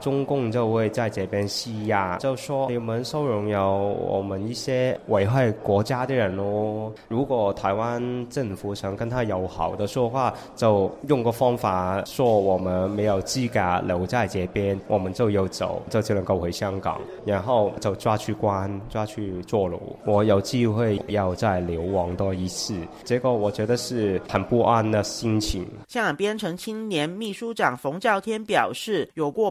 中共就會在這邊施壓，就說你們收容有我們一些危害國家的人咯。如果台灣政府想跟他友好的說話，就用個方法說我們沒有資格留在這邊，我們就有走，就就能夠回香港，然後就抓去關，抓去坐牢。我有機會要再流亡多一次，這個我覺得是很不安的心情。香港邊城青年秘書長馮兆天表示，有過